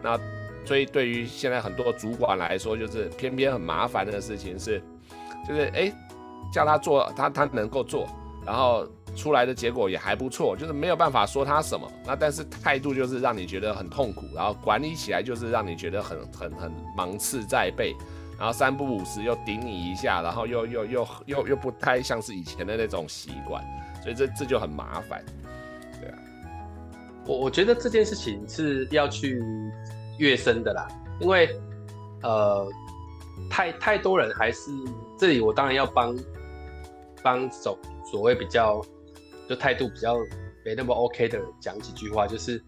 B: 那所以對於現在很多主管來說，就是偏偏很麻煩的事情是，就是，哎，叫他做，他他能夠做。然後出來的結果也還不錯，就是沒有辦法說他什麼。那但是態度就是讓你覺得很痛苦，然後管理起來就是讓你覺得很很很芒刺在背，然後三不五時又頂你一下，然後又又又又又，又不太像是以前的那種習慣，所以這這就很麻煩。對啊，我我覺得這
A: 件事情是要去越深的啦，因為呃，太太多人還是這裡，我當然要幫幫手。所謂比較，就態度比較沒那麼 OK 的講幾句話，就是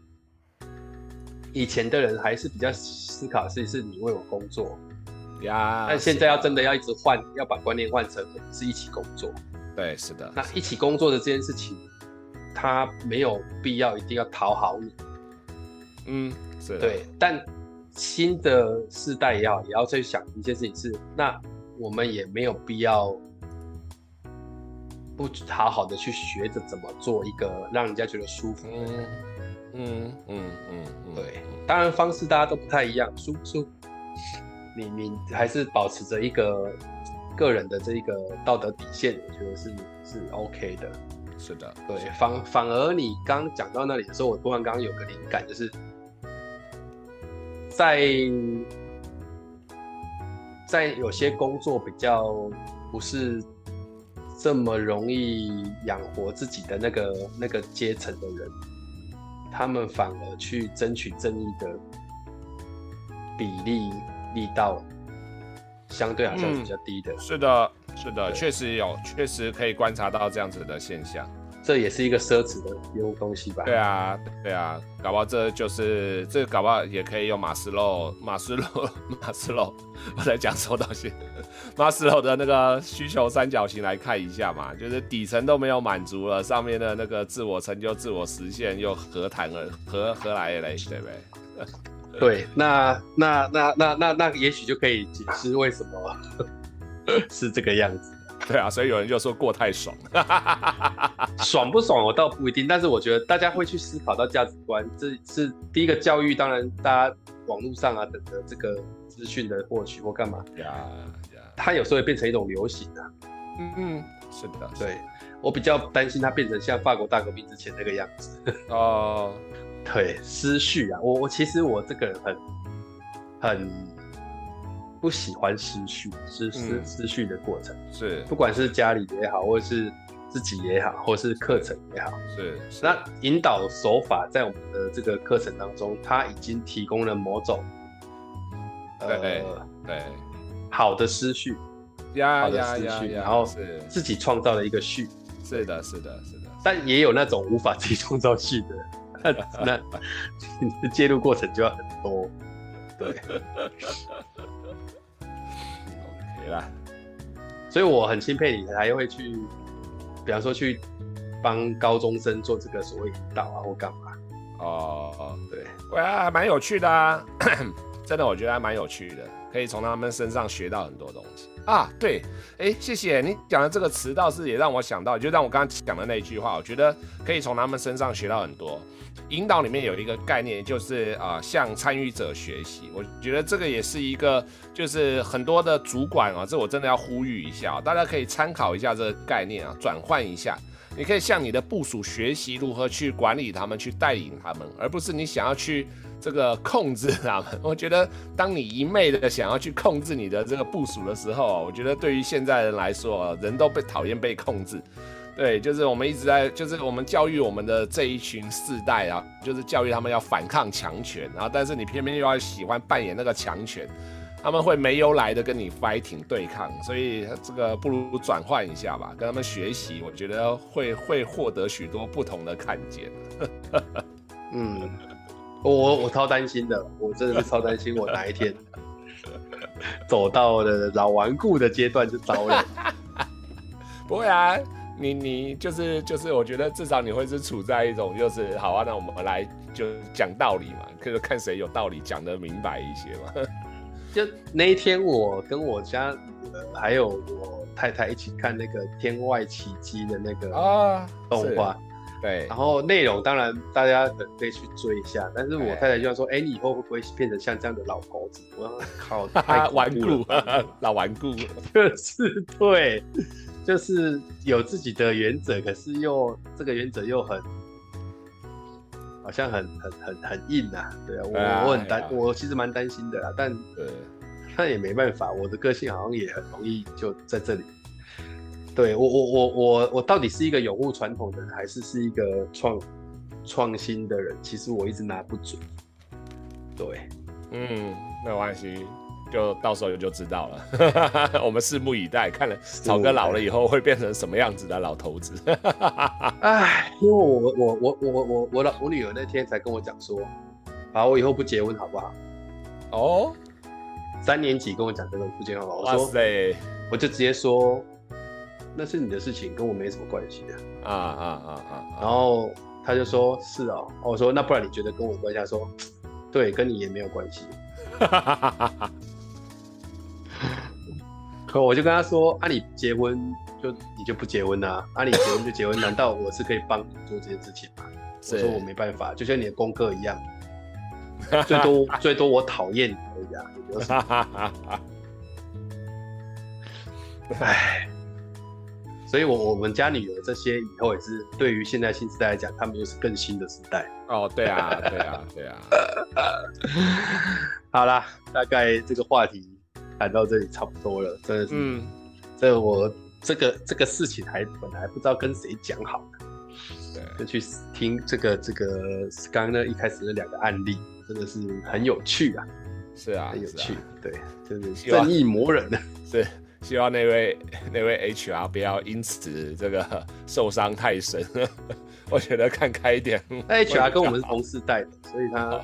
A: 以前的人還是比較思考的事情是你為我工作，呀，但現在要真的要一直換，要把觀念換成是一起工作，對，是的。那一起工作的這件事情，他沒有必要一定要討好你，嗯，是的。對，但新的世代要也，也要再想一件事情是，那我們也沒有必要。不好好的去學着怎麼做一個讓人家覺得舒服。嗯嗯嗯嗯，嗯，對，當然方式大家都不太一樣，舒不舒。你你還是保持着一個個人的這一個道德底線，我覺得是是 OK 的，是的，對，反反而你剛講到那裡的時候，我突然剛剛有個靈感，就是在在有些工作比較不是。這麼容易養活自己的那個那個階層的人，他們反而去爭取正義的比例力道，
B: 相對好像比較低的。嗯、是的，是的，是的，確實有，確實可以觀察到這樣子的現象。
A: 這也是一個奢侈的一樣東西吧？對啊，
B: 對啊，搞不好這就是，這搞不好也可以用馬斯洛，馬斯洛，馬斯洛，我在講什麼東西？馬斯洛的那個需求三角形來看一下嘛，就是底層都沒有滿足了，上面的那個自我成就、自我實現又何談而何何來而來，對不對？
A: 對，那那那那那那也許就可以解釋為什麼、啊、是這個樣子。對啊，所以有人就說過太爽， 爽不爽我倒不一定，但是我覺得大家會去思考到價值觀，這是第一個教育。當然，大家網絡上啊等的這個資訊的獲取或幹嘛呀，他有時候會變成一種流行啊，嗯嗯，是的，對我比較擔心他變成像法國大革命之前那個樣子哦 對，失序啊，我我其實我這個人很很。不喜歡失序，是失失序的過程，是不管是家裡也好，或是自己也好，或是課程
B: 也好，是，
A: 是那引導手法，在我們的這個課程當中，他已經提供了某種，對呃，對好的失序，加、yeah, yeah, 好的失序、yeah, yeah, yeah, 然後是自己創造了一個序，是的是的是的，是的，但也有那種無法自己創造序的，
B: 那那
A: 你的介入過程就要很多，
B: 對。
A: 對吧？所以我很欽佩你，還會去，比
B: 方說去幫高中生做這個所謂導啊或幹嘛。哦，對，哇，蠻有趣的啊！ 真的，我覺得還蠻有趣的，可以從他們身上學到很多東西啊。對，哎、欸，謝謝你講的這個詞，倒是也讓我想到，就讓我剛剛講的那一句話，我覺得可以從他們身上學到很多。引導裡面有一個概念，就是啊，向參與者學習。我覺得這個也是一個，就是很多的主管啊，這我真的要呼籲一下啊，大家可以參考一下這個概念啊，轉換一下。你可以向你的部屬學習如何去管理他們，去帶領他們，而不是你想要去這個控制他們。我覺得，當你一味的想要去控制你的這個部屬的時候，我覺得對於現在人來說，人都被討厭被控制。對，就是我們一直在，就是我們教育我們的這一群世代啊，就是教育他們要反抗強權啊。然後但是你偏偏又要喜歡扮演那個強權，他們會沒由來的跟你 fighting 對抗，所以這個不如轉換一下吧，跟他們學習，我覺得會會獲得許多不同的看見。 嗯，
A: 我我超擔心的，我真的是超擔心，我哪一天走到了老頑固的階段就糟了。
B: 不會啊。你你就是就是，我覺得至少你會是處在一種就是好啊，那我們來就講道理嘛，可以看誰有道理講得明白一些嘛。
A: 就那一天，我跟我家，呃、還有我太太一起看那個《天外奇蹟》的那個動畫。哦，對。然後內容當然大家可以去追一下，嗯，但是我太太就說：“哎、欸欸，你以後會不會變成像這樣的老頭子？我靠，太頑固了， 頑固了 老頑固。”就是對。就是有自己的原則，可是又這個原則又很，好像很很很很硬啊，啊，對啊，我很擔，啊、我其實蠻擔心的啦，但，但也沒辦法，我的個性好像也很容易就在這裡，對我我我我我到底是一個擁護傳統的人，還是是一個創創新的人？其實我一直拿不準，對，
B: 嗯，沒沒關係。就到時候就，就知道了， 我們拭目以待，看了草哥老了以後會變成什麼樣子的老頭子。
A: 哎， 因為我我我我我我老我女兒那天才跟我講說，好，我以後不結婚好不好？哦、oh？三年級跟我講這個不結婚，我說，oh, 我就直接說，那是你的事情，跟我沒什麼關係的。啊啊啊啊！然後他就說，是啊、哦。我說，那不然你覺得跟我有關係？他說，對，跟你也沒有關係。 可我就跟他說：“啊，你結婚就，就你就不結婚啊？啊，你結婚就結婚，難道我是可以幫你做這些事情嗎？”我說：“我沒辦法，就像你的功課一樣，最多 最多我討厭你而已、啊。就”哈哈哈！哎，所以我，我我們家女兒這些以後也是對於現在新時代來講，他們又是更新的時代
B: 哦。對啊，對啊，對啊。
A: 對啊 好啦，大概這個話題。看到這裡差不多了，真的是，所、嗯、以我這個這個事情還本來不知道跟誰講好對，就去聽這個這個剛剛那一開始那兩
B: 個案例，真的是很有趣啊，是啊，很有趣，啊、對，真、就是正義魔人呢，是、啊、是希望那位那位 HR 不要因此這個受傷太深了， 我覺得看開一點。HR 跟我們是同世代的，所以他。哦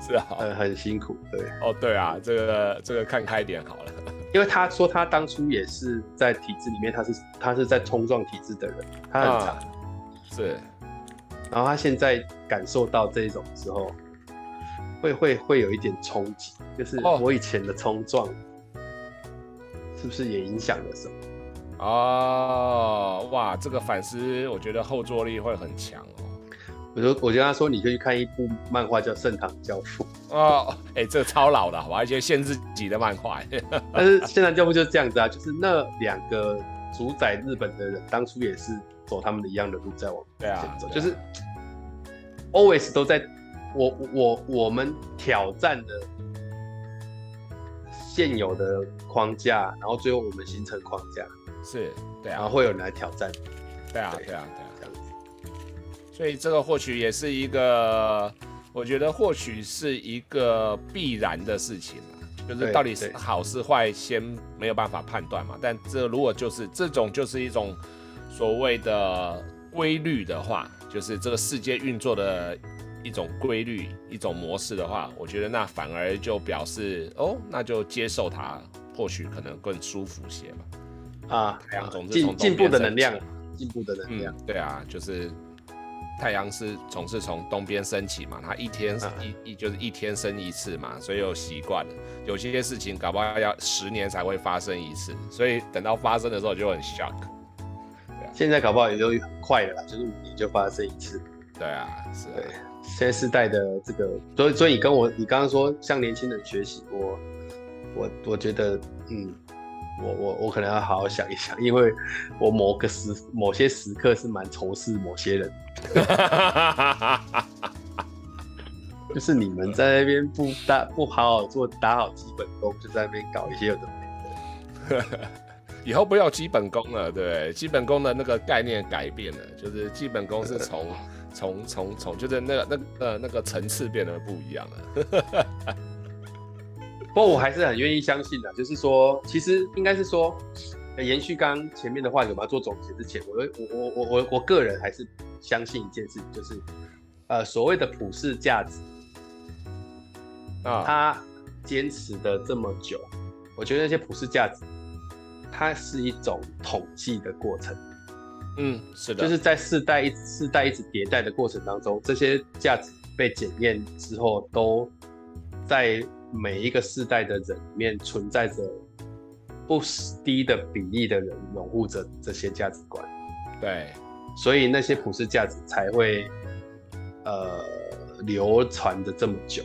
B: 是
A: 啊，很很辛苦，對。
B: 哦，對啊，這個這個看開一點
A: 好了。因為他說他當初也是在體制裡面他，他是他是在衝撞體制的人，他很慘。對、啊。然後他現在感受到這種時候，會會會有一點衝擊，就是我以前的衝撞，是不是也影響了什麼？
B: 哦，哇，這個反思，我覺得後坐力會很強哦。
A: 我就我就跟他說，你可以去看一部漫畫叫《聖堂教父》
B: 哦，哎、欸，這個，超老的，覺得限制級的漫畫。但是《現
A: 場教父》就是這樣子啊，就是那兩個主宰日本的人，當初也是走他們的一樣的路，在往走對啊，就是、啊、always 都在我我我，我們挑戰的現有的
B: 框架，然後最後我們形成框架，是對啊，然後會有人來挑戰，對啊，對，對啊，對啊。對啊所以這個或許也是一個，我覺得或許是一個必然的事情，就是到底是好是壞，先沒有辦法判斷嘛。但這如果就是這種，就是一種所謂的規律的話，就是這個世界運作的一種規律、一種模式的話，我覺得那反而就表示哦，那就接受它，或許可能更舒服些吧，啊。啊，進進步的能量，進步的能量、嗯，對啊，就是。太陽是總是從東邊升起嘛，它一天一一就是一天升一次嘛，所以有習慣了。有些事情搞不好要十年才會發生一次，所以等到發生的時候就很 shock。對啊，現在搞不好也就很快了，就是五年就發生一次。對啊，是啊對
A: 現在世代的這個，所以所以你跟我，你剛剛說向年輕人學習，我我我覺得嗯。我我我可能要好好想一想，因為我某個時某些時刻是蠻仇視某些人，
B: 就是你們在那邊不打不好好做打好基本功，就在那邊搞一些有的沒的。以後不要基本功了，對，基本功的那個概念改變了，就是基本功是從從從從，就是那個那呃那個層次變得不一樣了。 不過我還是很願意相信的，就
A: 是說，其實應該是說，延續剛前面的話，我們要做總結之前，我我我我我個人還是相信一件事，就是呃所謂的普世價值啊，它堅持的這麼久，啊，我覺得那些普世價值，它是一種統計的過程，嗯，是的，就是在世代一世代一直迭代的過程當中，這些價值被檢驗之後，都在。每一個世代的人裡面存在着不低的比例的人擁護着這些價值觀，對，所以那些普世價值才會呃流傳的這麼久。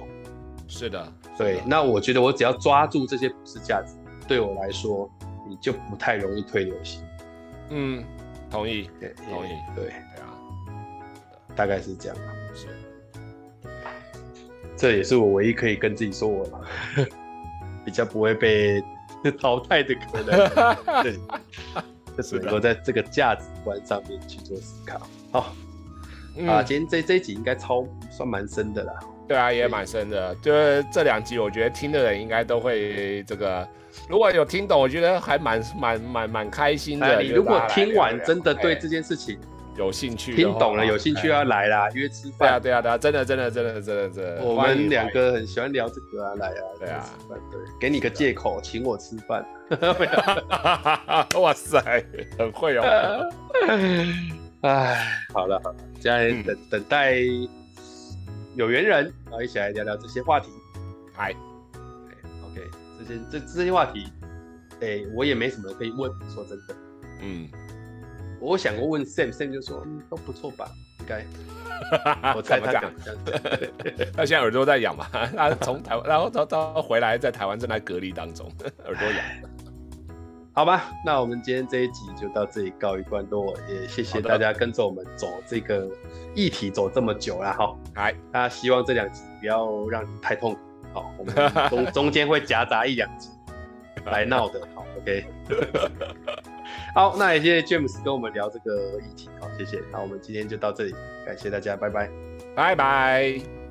B: 是的，
A: 對。那我覺得我只要抓住這些普世價值，對我來說你就不太容易退流行。嗯，同意，yeah, yeah, 同意，對，對啊，大概是這樣。這也是我唯一可以跟自己說我，我比較不會被淘汰的可能。對，就是能夠在這個價值觀上面去做思考。
B: 好，嗯、啊，今天這這一集應該超算蠻深的啦。對啊，也蠻深的。就是這兩集，我覺得聽的人應該都會這個，如果有聽懂，我覺得還蠻蠻蠻蠻開心的、啊。你如果聽完，真的對這件事情。嘿嘿有興趣，聽懂了，有興趣要來啦，約吃飯。對啊，對啊，對啊，真的，真的，真的，真
A: 的，真的。我們兩個很喜歡聊這個啊，來啊，對啊，吃飯，對給你個借口，請我吃飯。 哇塞，很會哦。哎，好
B: 了，
A: 好了，現在等等待有緣人、嗯，然後一起來聊聊這些話題。哎 okay,，OK，這些這這些話題，哎、欸，我也沒什麼可以問，嗯、說真的，嗯。我想過問 Sam，Sam Sam 就說嗯都不錯吧，應該。
B: 我不講， 他現在耳朵在癢嘛、啊， 他從台灣，然後到到，到回來，在台灣正在隔離當中，耳朵癢。
A: 好吧，那我們今天這一集就到這裡告一段落，多也謝謝大家跟着我們走這個議題走這麼久了哈。來，大家希望這兩集不要讓你太痛， 好，我們中中間會夾雜一兩集來鬧的，好，OK。 好，那也謝謝 James 跟我們聊這個議題，好，哦，謝謝，那我們今天就到這裡，感謝大家，拜拜，拜拜。